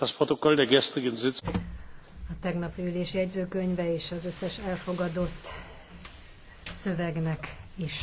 A tegnapi ülés jegyzőkönyve és az összes elfogadott szövegnek is